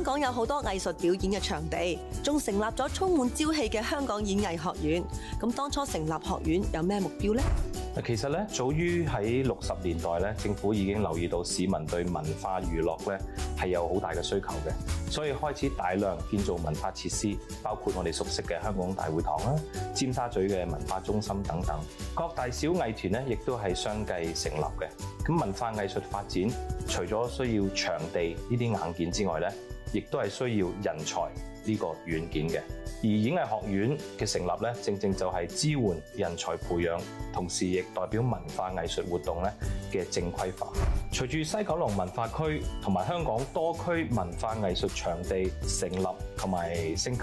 香港有好多藝術表演嘅場地，仲成立咗充滿朝氣嘅香港演藝學院。咁當初成立學院有咩目標呢？其實咧，早於喺六十年代咧，政府已經留意到市民對文化娛樂咧係有好大嘅需求嘅，所以開始大量建造文化設施，包括我哋熟悉嘅香港大會堂啦、尖沙咀嘅文化中心等等。各大小藝團咧，亦都係相繼成立嘅。咁文化藝術發展除咗需要場地呢啲硬件之外咧，亦都係需要人才呢個軟件嘅，而演藝學院嘅成立咧，正正就係支援人才培養，同時亦代表文化藝術活動咧嘅正規化。隨住西九龍文化區同埋香港多區文化藝術場地成立同埋升級。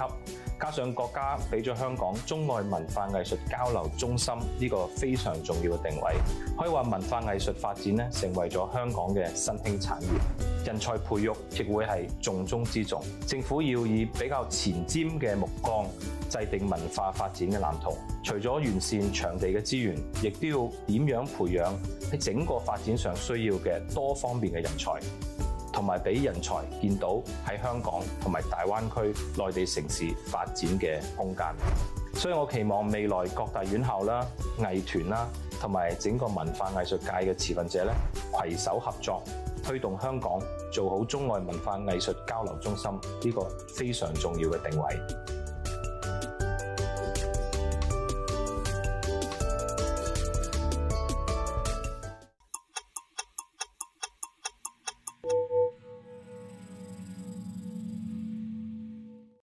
加上國家俾咗香港中外文化藝術交流中心呢個非常重要嘅定位，可以話文化藝術發展咧成為咗香港嘅新興產業，人才培育亦會係重中之重。政府要以比較前瞻嘅目光制定文化發展嘅藍圖，除咗完善場地嘅資源，亦都要點樣培養喺整個發展上需要嘅多方面嘅人才。同埋俾人才見到喺香港同埋大灣區內地城市發展嘅空間，所以我期望未來各大院校啦、藝團啦，同埋整個文化藝術界嘅持份者咧，攜手合作，推動香港做好中外文化藝術交流中心呢個非常重要嘅定位。